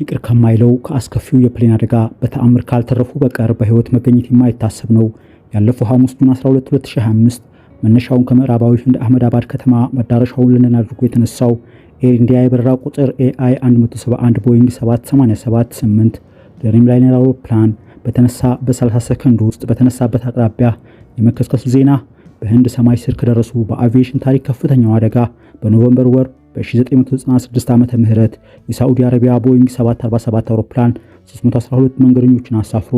ይቅር ከማይለው ከአስከፊው የፕሌን አደጋ በተአምር ካልተረፉ በቀር በህይወት መገኘት የማይታሰብ ነው። ያለፈው ሐሙስ ጁን 12 2025 መነሻውን ከምዕራባዊ ህንድ አህመድ ከተማ መዳረሻውን ለንደን አድርጎ የተነሳው ኤር ኢንዲያ የበረራ ቁጥር ኤአይ 171 ቦይንግ 7878 ላይ ድሪምላይነር አውሮፕላን በተነሳ በ30 ሰከንድ ውስጥ በተነሳበት አቅራቢያ የመከስከሱ ዜና በህንድ ሰማይ ስር ከደረሱ በአቪዬሽን ታሪክ ከፍተኛው አደጋ በኖቨምበር ወር በ1996 ዓ ም የሳዑዲ አረቢያ ቦይንግ 747 አውሮፕላን 312 መንገደኞችን አሳፍሮ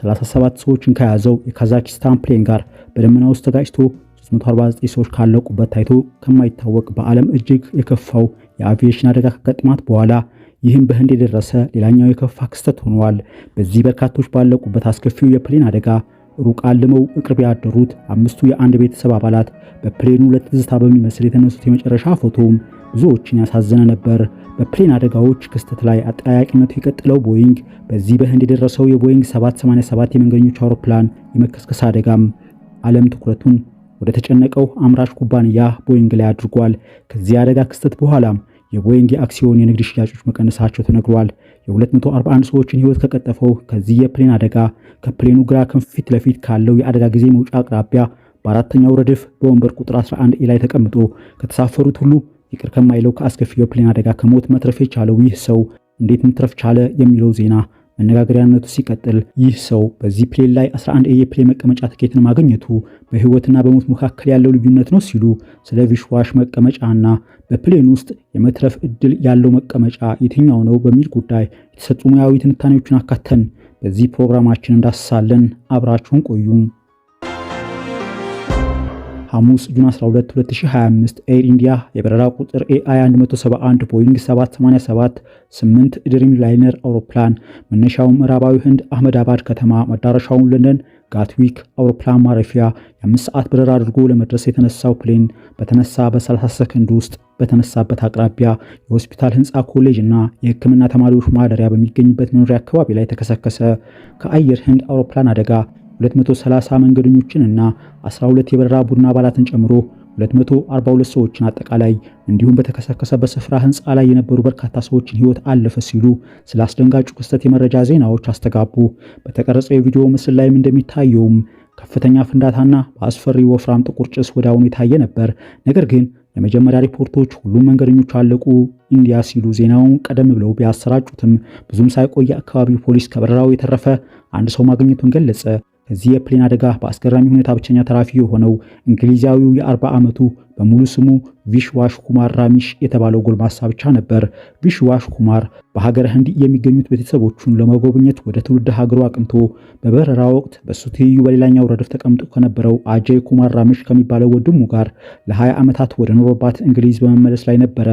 37 ሰዎችን ከያዘው የካዛኪስታን ፕሌን ጋር በደመና ውስጥ ተጋጭቶ 349 ሰዎች ካለቁበት ታይቶ ከማይታወቅ በዓለም እጅግ የከፋው የአቪዬሽን አደጋ ከገጥማት በኋላ ይህም በህንድ የደረሰ ሌላኛው የከፋ ክስተት ሆነዋል። በዚህ በርካቶች ባለቁበት አስከፊው የፕሌን አደጋ ሩቅ አልመው እቅርብ ያደሩት አምስቱ የአንድ ቤተሰብ አባላት በፕሌኑ ለትዝታ በሚመስል የተነሱት የመጨረሻ ፎቶም ብዙዎችን ያሳዘነ ነበር። በፕሌን አደጋዎች ክስተት ላይ አጠያያቂነቱ የቀጠለው ቦይንግ በዚህ በህንድ የደረሰው የቦይንግ 787 የመንገኞች አውሮፕላን የመከስከስ አደጋም ዓለም ትኩረቱን ወደ ተጨነቀው አምራች ኩባንያ ቦይንግ ላይ አድርጓል። ከዚህ አደጋ ክስተት በኋላም የቦይንግ የአክሲዮን የንግድ ሽያጮች መቀነሳቸው ተነግሯል። የ241 ሰዎችን ህይወት ከቀጠፈው ከዚህ የፕሌን አደጋ ከፕሌኑ ግራ ክንፍ ፊት ለፊት ካለው የአደጋ ጊዜ መውጫ አቅራቢያ በአራተኛው ረድፍ በወንበር ቁጥር 11 ኤ ላይ ተቀምጦ ከተሳፈሩት ሁሉ ይቅር ከማይለው ከአስከፊ የፕሌን አደጋ ከሞት መትረፍ የቻለው ይህ ሰው እንዴት መትረፍ ቻለ የሚለው ዜና መነጋገሪያነቱ ሲቀጥል ይህ ሰው በዚህ ፕሌን ላይ 11 የፕሌን መቀመጫ ትኬትን ማግኘቱ በህይወትና በሞት መካከል ያለው ልዩነት ነው ሲሉ ስለ ቪሽዋሽ መቀመጫና በፕሌን ውስጥ የመትረፍ እድል ያለው መቀመጫ የትኛው ነው በሚል ጉዳይ የተሰጡ ሙያዊ ትንታኔዎችን አካተን በዚህ ፕሮግራማችን እንዳስሳለን። አብራችሁን ቆዩም። ሐሙስ ጁን 12 2025 ኤር ኢንዲያ የበረራ ቁጥር ኤአይ 787 8 ድሪም ላይነር አውሮፕላን መነሻው ምዕራባዊ ህንድ አህመዳባድ ከተማ መዳረሻውን ለንደን ጋትዊክ አውሮፕላን ማረፊያ የአምስት ሰዓት በረራ አድርጎ ለመድረስ የተነሳው ፕሌን በተነሳ በ30 ሰከንድ ውስጥ በተነሳበት አቅራቢያ የሆስፒታል ህንፃ ኮሌጅ እና የህክምና ተማሪዎች ማደሪያ በሚገኝበት መኖሪያ አካባቢ ላይ ተከሰከሰ። ከአየር ህንድ አውሮፕላን አደጋ 230 መንገደኞችን እና 12 የበረራ ቡድን አባላትን ጨምሮ 242 ሰዎችን አጠቃላይ እንዲሁም በተከሰከሰበት ስፍራ ህንፃ ላይ የነበሩ በርካታ ሰዎችን ህይወት አለፈ ሲሉ ስለ አስደንጋጩ ክስተት የመረጃ ዜናዎች አስተጋቡ። በተቀረጸው የቪዲዮ ምስል ላይም እንደሚታየውም ከፍተኛ ፍንዳታና በአስፈሪ ወፍራም ጥቁር ጭስ ወዲያውኑ የታየ ነበር። ነገር ግን የመጀመሪያ ሪፖርቶች ሁሉም መንገደኞች አለቁ እንዲያ ሲሉ ዜናውን ቀደም ብለው ቢያሰራጩትም ብዙም ሳይቆይ አካባቢው ፖሊስ ከበረራው የተረፈ አንድ ሰው ማግኘቱን ገለጸ። ከዚህ የፕሌን አደጋ በአስገራሚ ሁኔታ ብቸኛ ተራፊ የሆነው እንግሊዛዊው የ40 ዓመቱ በሙሉ ስሙ ቪሽዋሽ ኩማር ራሚሽ የተባለው ጎልማሳ ብቻ ነበር። ቪሽዋሽ ኩማር በሀገረ ህንድ የሚገኙት ቤተሰቦቹን ለመጎብኘት ወደ ትውልድ ሀገሩ አቅንቶ በበረራ ወቅት በእሱ ትይዩ በሌላኛው ረድፍ ተቀምጦ ከነበረው አጃይ ኩማር ራሚሽ ከሚባለው ወንድሙ ጋር ለ20 ዓመታት ወደ ኖሮባት እንግሊዝ በመመለስ ላይ ነበረ።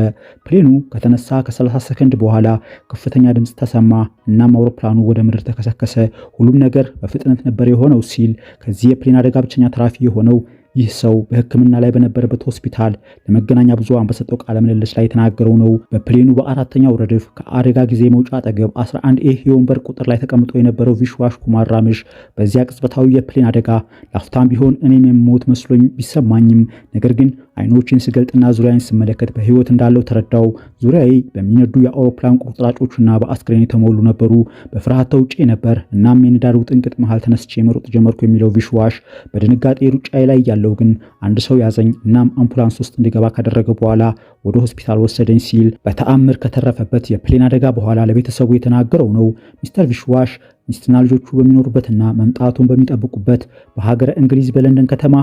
ፕሌኑ ከተነሳ ከ30 ሰከንድ በኋላ ከፍተኛ ድምፅ ተሰማ። እናም አውሮፕላኑ ወደ ምድር ተከሰከሰ። ሁሉም ነገር በፍጥነት ነበር የሆነው ሲል ከዚህ የፕሌን አደጋ ብቸኛ ተራፊ የሆነው ይህ ሰው በሕክምና ላይ በነበረበት ሆስፒታል ለመገናኛ ብዙሃን በሰጠው ቃለ ምልልስ ላይ የተናገረው ነው። በፕሌኑ በአራተኛው ረድፍ ከአደጋ ጊዜ መውጫ አጠገብ 11 ኤ የወንበር ቁጥር ላይ ተቀምጦ የነበረው ቪሽዋሽ ኩማር ራምሽ በዚያ ቅጽበታዊ የፕሌን አደጋ ላፍታም ቢሆን እኔም የምሞት መስሎኝ ቢሰማኝም ነገር ግን አይኖችን ስገልጥና ዙሪያን ስመለከት በህይወት እንዳለው ተረዳው። ዙሪያዬ በሚነዱ የአውሮፕላን ቁርጥራጮችና በአስክሬን የተሞሉ ነበሩ። በፍርሃት ተውጬ ነበር። እናም የንዳድ ውጥንቅጥ መሃል ተነስቼ መሮጥ ጀመርኩ የሚለው ቪሽዋሽ በድንጋጤ ሩጫዬ ላይ ያለው ያለው ግን አንድ ሰው ያዘኝ፣ እናም አምቡላንስ ውስጥ እንዲገባ ካደረገ በኋላ ወደ ሆስፒታል ወሰደኝ ሲል በተአምር ከተረፈበት የፕሌን አደጋ በኋላ ለቤተሰቡ የተናገረው ነው። ሚስተር ቪሽዋሽ ሚስትና ልጆቹ በሚኖሩበትና መምጣቱን በሚጠብቁበት በሀገረ እንግሊዝ በለንደን ከተማ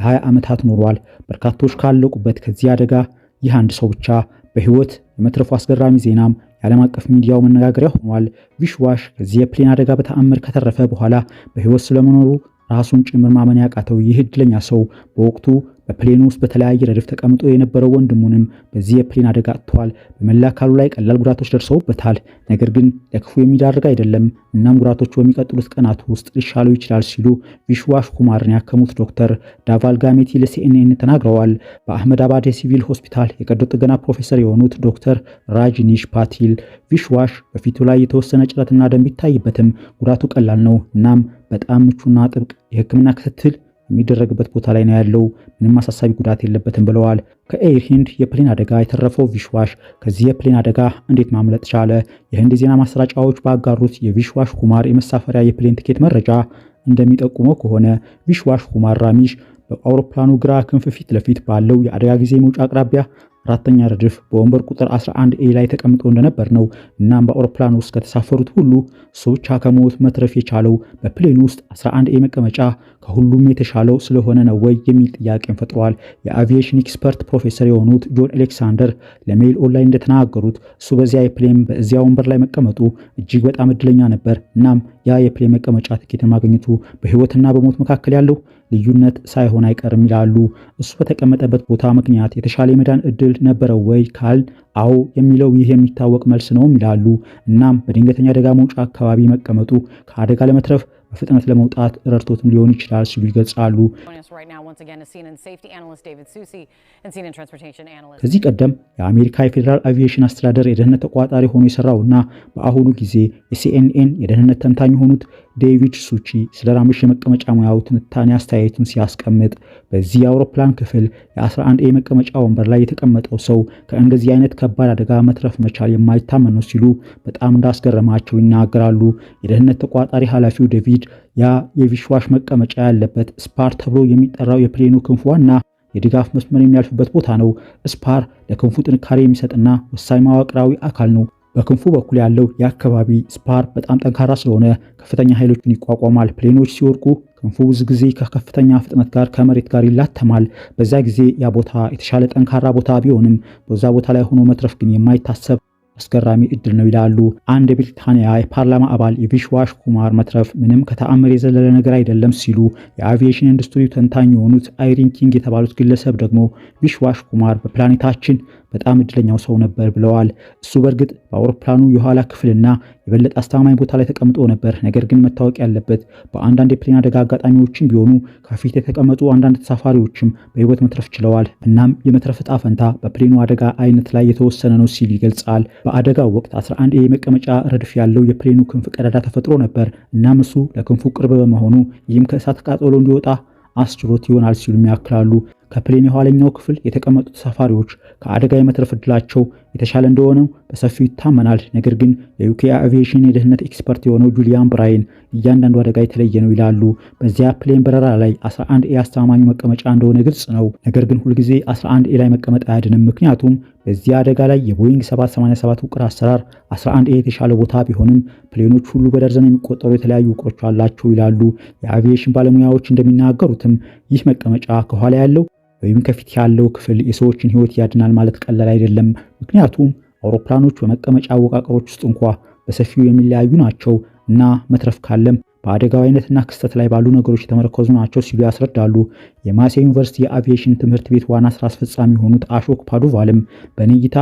ለ20 ዓመታት ኖሯል። በርካቶች ካለቁበት ከዚህ አደጋ ይህ አንድ ሰው ብቻ በህይወት የመትረፉ አስገራሚ ዜናም የዓለም አቀፍ ሚዲያው መነጋገሪያ ሆኗል። ቪሽዋሽ ከዚህ የፕሌን አደጋ በተአምር ከተረፈ በኋላ በህይወት ስለመኖሩ ራሱን ጭምር ማመን ያቃተው ይህ እድለኛ ሰው በወቅቱ በፕሌኑ ውስጥ በተለያየ ረድፍ ተቀምጦ የነበረው ወንድሙንም በዚህ የፕሌን አደጋ አጥተዋል። በመላ አካሉ ላይ ቀላል ጉዳቶች ደርሰውበታል። ነገር ግን ለክፉ የሚዳርግ አይደለም። እናም ጉዳቶቹ በሚቀጥሉት ቀናት ውስጥ ሊሻሉ ይችላል ሲሉ ቪሽዋሽ ኩማርን ያከሙት ዶክተር ዳቫል ጋሜቲ ለሲኤንኤን ተናግረዋል። በአህመድ አባድ የሲቪል ሆስፒታል የቀዶ ጥገና ፕሮፌሰር የሆኑት ዶክተር ራጅኒሽ ፓቲል ቪሽዋሽ በፊቱ ላይ የተወሰነ ጭረትና ደም ቢታይበትም ጉዳቱ ቀላል ነው። እናም በጣም ምቹና ጥብቅ የህክምና ክትትል የሚደረግበት ቦታ ላይ ነው ያለው። ምንም አሳሳቢ ጉዳት የለበትም ብለዋል። ከኤር ሂንድ የፕሌን አደጋ የተረፈው ቪሽዋሽ ከዚህ የፕሌን አደጋ እንዴት ማምለጥ ቻለ? የህንድ ዜና ማሰራጫዎች ባጋሩት የቪሽዋሽ ኩማር የመሳፈሪያ የፕሌን ትኬት መረጃ እንደሚጠቁመው ከሆነ ቪሽዋሽ ኩማር ራሚሽ በአውሮፕላኑ ግራ ክንፍ ፊት ለፊት ባለው የአደጋ ጊዜ መውጫ አቅራቢያ አራተኛ ረድፍ በወንበር ቁጥር 11 ኤ ላይ ተቀምጦ እንደነበር ነው። እናም በአውሮፕላን ውስጥ ከተሳፈሩት ሁሉ እሱ ብቻ ከሞት መትረፍ የቻለው በፕሌን ውስጥ 11 ኤ መቀመጫ ከሁሉም የተሻለው ስለሆነ ነው ወይ የሚል ጥያቄን ፈጥሯል። የአቪዬሽን ኤክስፐርት ፕሮፌሰር የሆኑት ጆን አሌክሳንደር ለሜል ኦንላይን እንደተናገሩት እሱ በዚያ የፕሌን በዚያ ወንበር ላይ መቀመጡ እጅግ በጣም እድለኛ ነበር። እናም ያ የፕሌይ መቀመጫ ትኬት ማግኘቱ በህይወትና በሞት መካከል ያለው ልዩነት ሳይሆን አይቀርም ይላሉ። እሱ በተቀመጠበት ቦታ ምክንያት የተሻለ የመዳን እድል ነበረው ወይ ካል አዎ የሚለው ይህ የሚታወቅ መልስ ነውም ይላሉ። እናም በድንገተኛ አደጋ መውጫ አካባቢ መቀመጡ ከአደጋ ለመትረፍ በፍጥነት ለመውጣት ረድቶትም ሊሆን ይችላል ሲሉ ይገልጻሉ። ከዚህ ቀደም የአሜሪካ የፌዴራል አቪዬሽን አስተዳደር የደህንነት ተቋጣሪ ሆኖ የሰራው እና በአሁኑ ጊዜ የሲኤንኤን የደህንነት ተንታኝ የሆኑት ዴቪድ ሱቺ ስለ ራምሽ የመቀመጫ ሙያው ትንታኔ አስተያየቱን ሲያስቀምጥ በዚህ የአውሮፕላን ክፍል የ11 የመቀመጫ ወንበር ላይ የተቀመጠው ሰው ከእንደዚህ አይነት ከባድ አደጋ መትረፍ መቻል የማይታመኑ ሲሉ በጣም እንዳስገረማቸው ይናገራሉ። የደህንነት ተቋጣሪ ኃላፊው ዴቪድ ያ የቪሽዋሽ መቀመጫ ያለበት ስፓር ተብሎ የሚጠራው የፕሌኑ ክንፍ ዋና የድጋፍ መስመር የሚያልፍበት ቦታ ነው። ስፓር ለክንፉ ጥንካሬ የሚሰጥና ወሳኝ መዋቅራዊ አካል ነው። በክንፉ በኩል ያለው የአካባቢ ስፓር በጣም ጠንካራ ስለሆነ ከፍተኛ ኃይሎችን ይቋቋማል። ፕሌኖች ሲወድቁ ክንፉ ብዙ ጊዜ ከከፍተኛ ፍጥነት ጋር ከመሬት ጋር ይላተማል። በዛ ጊዜ ያ ቦታ የተሻለ ጠንካራ ቦታ ቢሆንም በዛ ቦታ ላይ ሆኖ መትረፍ ግን የማይታሰብ አስገራሚ እድል ነው ይላሉ አንድ የብሪታንያ የፓርላማ አባል የቪሽዋሽ ኩማር። መትረፍ ምንም ከተአምር የዘለለ ነገር አይደለም ሲሉ የአቪዬሽን ኢንዱስትሪ ተንታኝ የሆኑት አይሪን ኪንግ የተባሉት ግለሰብ ደግሞ ቪሽዋሽ ኩማር በፕላኔታችን በጣም እድለኛው ሰው ነበር ብለዋል። እሱ በእርግጥ በአውሮፕላኑ የኋላ ክፍልና የበለጠ አስተማማኝ ቦታ ላይ ተቀምጦ ነበር። ነገር ግን መታወቅ ያለበት በአንዳንድ የፕሌን አደጋ አጋጣሚዎችም ቢሆኑ ከፊት የተቀመጡ አንዳንድ ተሳፋሪዎችም በህይወት መትረፍ ችለዋል። እናም የመትረፍ ዕጣ ፈንታ በፕሌኑ አደጋ አይነት ላይ የተወሰነ ነው ሲል ይገልጻል። በአደጋው ወቅት 11 የመቀመጫ ረድፍ ያለው የፕሌኑ ክንፍ ቀዳዳ ተፈጥሮ ነበር። እናም እሱ ለክንፉ ቅርብ በመሆኑ ይህም ከእሳት ቃጠሎ እንዲወጣ አስችሎት ይሆናል ሲሉም ያክላሉ። ከፕሌን የኋለኛው ክፍል የተቀመጡ ተሳፋሪዎች ከአደጋ የመትረፍ ዕድላቸው የተሻለ እንደሆነው በሰፊው ይታመናል። ነገር ግን የዩኬ አቪዬሽን የደህንነት ኤክስፐርት የሆነው ጁሊያን ብራይን እያንዳንዱ አደጋ የተለየ ነው ይላሉ። በዚያ ፕሌን በረራ ላይ 11 ኤ አስተማማኝ መቀመጫ እንደሆነ ግልጽ ነው። ነገር ግን ሁልጊዜ 11 ኤ ላይ መቀመጥ አያድንም፣ ምክንያቱም በዚያ አደጋ ላይ የቦይንግ 787 ውቅር አሰራር 11 ኤ የተሻለ ቦታ ቢሆንም ፕሌኖች ሁሉ በደርዘን የሚቆጠሩ የተለያዩ ውቅሮች አላቸው ይላሉ። የአቪዬሽን ባለሙያዎች እንደሚናገሩትም ይህ መቀመጫ ከኋላ ያለው ወይም ከፊት ያለው ክፍል የሰዎችን ህይወት ያድናል ማለት ቀላል አይደለም። ምክንያቱም አውሮፕላኖች በመቀመጫ አወቃቀሮች ውስጥ እንኳ በሰፊው የሚለያዩ ናቸው እና መትረፍ ካለም በአደጋው አይነትና ክስተት ላይ ባሉ ነገሮች የተመረከዙ ናቸው ሲሉ ያስረዳሉ። የማሴ ዩኒቨርሲቲ የአቪዬሽን ትምህርት ቤት ዋና ስራ አስፈጻሚ የሆኑት አሾክ ፓዱቫልም በንይታ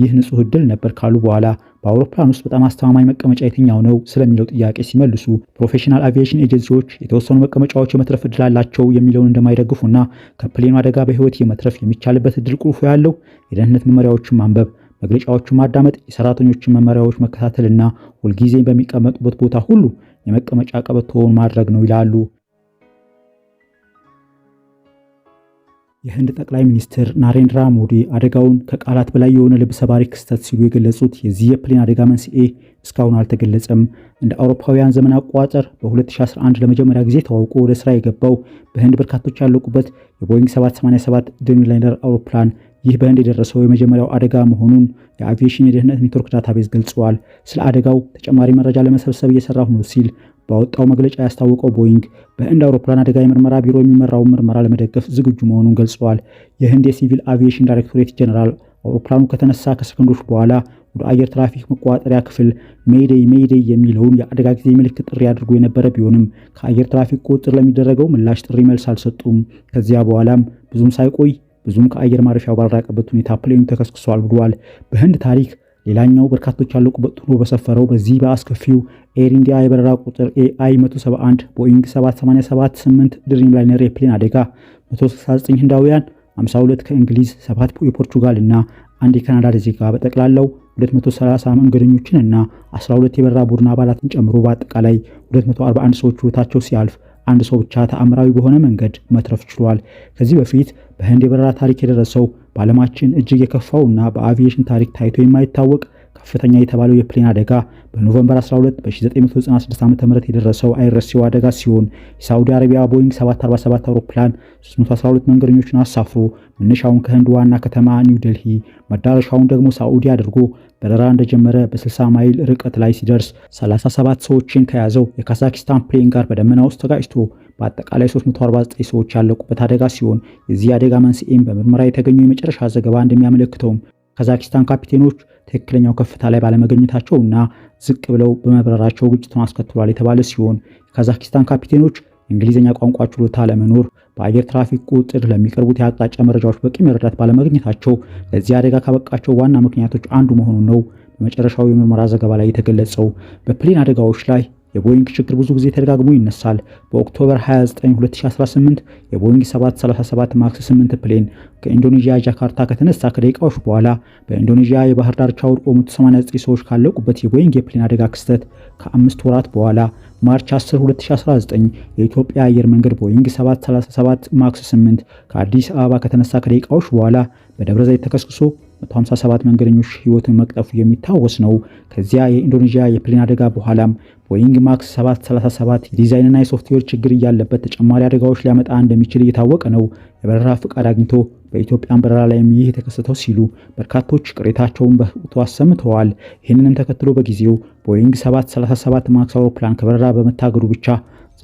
ይህ ንጹህ እድል ነበር ካሉ በኋላ በአውሮፕላን ውስጥ በጣም አስተማማኝ መቀመጫ የትኛው ነው ስለሚለው ጥያቄ ሲመልሱ ፕሮፌሽናል አቪዬሽን ኤጀንሲዎች የተወሰኑ መቀመጫዎች የመትረፍ እድል አላቸው የሚለውን እንደማይደግፉና ከፕሌኑ አደጋ በህይወት የመትረፍ የሚቻልበት እድል ቁልፉ ያለው የደህንነት መመሪያዎችን ማንበብ መግለጫዎችን ማዳመጥ፣ የሰራተኞችን መመሪያዎች መከታተልና ሁልጊዜ በሚቀመጡበት ቦታ ሁሉ የመቀመጫ ቀበቶውን ማድረግ ነው ይላሉ። የህንድ ጠቅላይ ሚኒስትር ናሬንድራ ሞዲ አደጋውን ከቃላት በላይ የሆነ ልብ ሰባሪ ክስተት ሲሉ የገለጹት የዚህ የፕሌን አደጋ መንስኤ እስካሁን አልተገለጸም። እንደ አውሮፓውያን ዘመን አቆጣጠር በ2011 ለመጀመሪያ ጊዜ ተዋውቆ ወደ ስራ የገባው በህንድ በርካቶች ያለቁበት የቦይንግ 787 ድሪምላይነር አውሮፕላን ይህ በህንድ የደረሰው የመጀመሪያው አደጋ መሆኑን የአቪዬሽን የደህንነት ኔትወርክ ዳታቤዝ ገልጸዋል። ስለ አደጋው ተጨማሪ መረጃ ለመሰብሰብ እየሰራሁ ነው ሲል ባወጣው መግለጫ ያስታወቀው ቦይንግ በህንድ አውሮፕላን አደጋ የምርመራ ቢሮ የሚመራውን ምርመራ ለመደገፍ ዝግጁ መሆኑን ገልጸዋል። የህንድ የሲቪል አቪዬሽን ዳይሬክቶሬት ጀነራል አውሮፕላኑ ከተነሳ ከሰከንዶች በኋላ ወደ አየር ትራፊክ መቆጣጠሪያ ክፍል ሜይደይ ሜይደይ የሚለውን የአደጋ ጊዜ ምልክት ጥሪ አድርጎ የነበረ ቢሆንም ከአየር ትራፊክ ቁጥጥር ለሚደረገው ምላሽ ጥሪ መልስ አልሰጡም። ከዚያ በኋላም ብዙም ሳይቆይ ብዙም ከአየር ማረፊያው ባልራቀበት ሁኔታ ፕሌኑ ተከስክሷል ብሏል። በህንድ ታሪክ ሌላኛው በርካቶች ያለቁበት ሆኖ በሰፈረው በዚህ በአስከፊው ኤር ኢንዲያ የበረራ ቁጥር ኤአይ 171 ቦይንግ 7878 ድሪም ላይነር የፕሌን አደጋ 169 ህንዳውያን፣ 52 ከእንግሊዝ፣ 7 የፖርቹጋል እና አንድ የካናዳ ዜጋ በጠቅላላው 230 መንገደኞችን እና 12 የበረራ ቡድን አባላትን ጨምሮ በአጠቃላይ 241 ሰዎች ህይወታቸው ሲያልፍ አንድ ሰው ብቻ ተአምራዊ በሆነ መንገድ መትረፍ ችሏል። ከዚህ በፊት በህንድ የበረራ ታሪክ የደረሰው በዓለማችን እጅግ የከፋውና በአቪዬሽን ታሪክ ታይቶ የማይታወቅ ከፍተኛ የተባለው የፕሌን አደጋ በኖቨምበር 12 በ1996 ዓ ም የደረሰው አይረሴው አደጋ ሲሆን የሳዑዲ አረቢያ ቦይንግ 747 አውሮፕላን 312 መንገደኞችን አሳፍሮ መነሻውን ከህንድ ዋና ከተማ ኒው ደልሂ መዳረሻውን ደግሞ ሳዑዲ አድርጎ በረራ እንደጀመረ በ60 ማይል ርቀት ላይ ሲደርስ 37 ሰዎችን ከያዘው የካዛኪስታን ፕሌን ጋር በደመና ውስጥ ተጋጭቶ በአጠቃላይ 349 ሰዎች ያለቁበት አደጋ ሲሆን የዚህ አደጋ መንስኤም በምርመራ የተገኘው የመጨረሻ ዘገባ እንደሚያመለክተውም ካዛኪስታን ካፒቴኖች ትክክለኛው ከፍታ ላይ ባለመገኘታቸው እና ዝቅ ብለው በመብረራቸው ግጭቱን አስከትሏል የተባለ ሲሆን የካዛክስታን ካፒቴኖች የእንግሊዝኛ ቋንቋ ችሎታ ለመኖር በአየር ትራፊክ ቁጥር ለሚቀርቡት የአቅጣጫ መረጃዎች በቂ መረዳት ባለማግኘታቸው ለዚህ አደጋ ካበቃቸው ዋና ምክንያቶች አንዱ መሆኑን ነው በመጨረሻው የምርመራ ዘገባ ላይ የተገለጸው። በፕሌን አደጋዎች ላይ የቦይንግ ችግር ብዙ ጊዜ ተደጋግሞ ይነሳል። በኦክቶበር 29 2018 የቦይንግ 737 ማክስ 8 ፕሌን ከኢንዶኔዥያ ጃካርታ ከተነሳ ከደቂቃዎች በኋላ በኢንዶኔዥያ የባህር ዳርቻ ወድቆ 189 ሰዎች ካለቁበት የቦይንግ የፕሌን አደጋ ክስተት ከአምስት ወራት በኋላ ማርች 10 2019 የኢትዮጵያ አየር መንገድ ቦይንግ 737 ማክስ 8 ከአዲስ አበባ ከተነሳ ከደቂቃዎች በኋላ በደብረ ዘይት ተከስክሶ 157 መንገደኞች ህይወትን መቅጠፉ የሚታወስ ነው። ከዚያ የኢንዶኔዥያ የፕሌን አደጋ በኋላም ቦይንግ ማክስ 737 የዲዛይንና የሶፍትዌር ችግር እያለበት ተጨማሪ አደጋዎች ሊያመጣ እንደሚችል እየታወቀ ነው የበረራ ፍቃድ አግኝቶ በኢትዮጵያን በረራ ላይም ይህ የተከሰተው ሲሉ በርካቶች ቅሬታቸውን በወቅቱ አሰምተዋል። ይህንንም ተከትሎ በጊዜው ቦይንግ 737 ማክስ አውሮፕላን ከበረራ በመታገዱ ብቻ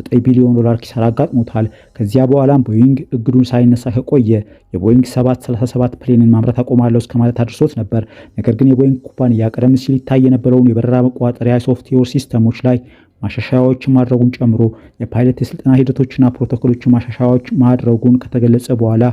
9 ቢሊዮን ዶላር ኪሳራ አጋጥሞታል። ከዚያ በኋላም ቦይንግ እግዱን ሳይነሳ ከቆየ የቦይንግ 737 ፕሌንን ማምረት አቆማለሁ እስከ ማለት አድርሶት ነበር። ነገር ግን የቦይንግ ኩባንያ ቀደም ሲል ይታይ የነበረውን የበረራ መቆጣጠሪያ ሶፍትዌር ሲስተሞች ላይ ማሻሻያዎችን ማድረጉን ጨምሮ የፓይለት የስልጠና ሂደቶችና ፕሮቶኮሎች ማሻሻያዎች ማድረጉን ከተገለጸ በኋላ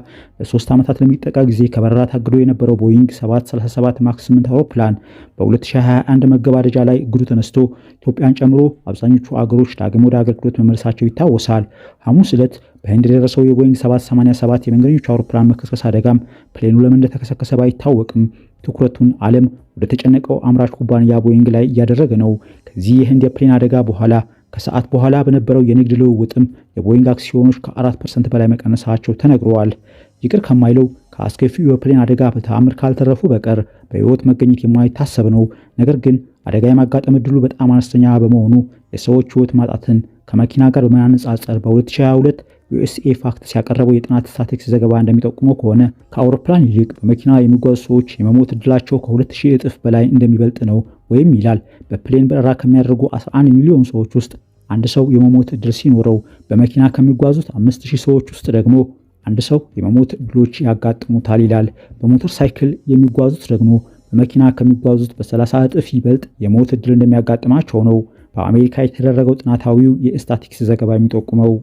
ለሶስት ዓመታት ለሚጠቃ ጊዜ ከበረራ ታግዶ የነበረው ቦይንግ 737 ማክስ 8 አውሮፕላን በ2021 መገባደጃ ላይ እግዱ ተነስቶ ኢትዮጵያን ጨምሮ አብዛኞቹ አገሮች ዳግም ወደ አገልግሎት መመለሳቸው ይታወሳል። ሐሙስ ዕለት በህንድ የደረሰው የቦይንግ 787 የመንገደኞች አውሮፕላን መከስከስ አደጋም ፕሌኑ ለምን እንደተከሰከሰ ባይታወቅም ትኩረቱን ዓለም ወደ ተጨነቀው አምራች ኩባንያ ቦይንግ ላይ እያደረገ ነው። ከዚህ የህንድ የፕሌን አደጋ በኋላ ከሰዓት በኋላ በነበረው የንግድ ልውውጥም የቦይንግ አክሲዮኖች ከ4 ፐርሰንት በላይ መቀነሳቸው ተነግረዋል። ይቅር ከማይለው ከአስከፊው የፕሌን አደጋ በተአምር ካልተረፉ በቀር በህይወት መገኘት የማይታሰብ ነው። ነገር ግን አደጋ የማጋጠም እድሉ በጣም አነስተኛ በመሆኑ የሰዎች ህይወት ማጣትን ከመኪና ጋር በማነጻጸር በ2022 ዩኤስኤ ፋክትስ ያቀረበው የጥናት ስታቲክስ ዘገባ እንደሚጠቁመው ከሆነ ከአውሮፕላን ይልቅ በመኪና የሚጓዙ ሰዎች የመሞት እድላቸው ከ2000 እጥፍ በላይ እንደሚበልጥ ነው ወይም ይላል። በፕሌን በረራ ከሚያደርጉ 11 ሚሊዮን ሰዎች ውስጥ አንድ ሰው የመሞት እድል ሲኖረው በመኪና ከሚጓዙት 5000 ሰዎች ውስጥ ደግሞ አንድ ሰው የመሞት እድሎች ያጋጥሙታል ይላል። በሞተር ሳይክል የሚጓዙት ደግሞ በመኪና ከሚጓዙት በ30 እጥፍ ይበልጥ የሞት እድል እንደሚያጋጥማቸው ነው በአሜሪካ የተደረገው ጥናታዊው የስታቲክስ ዘገባ የሚጠቁመው።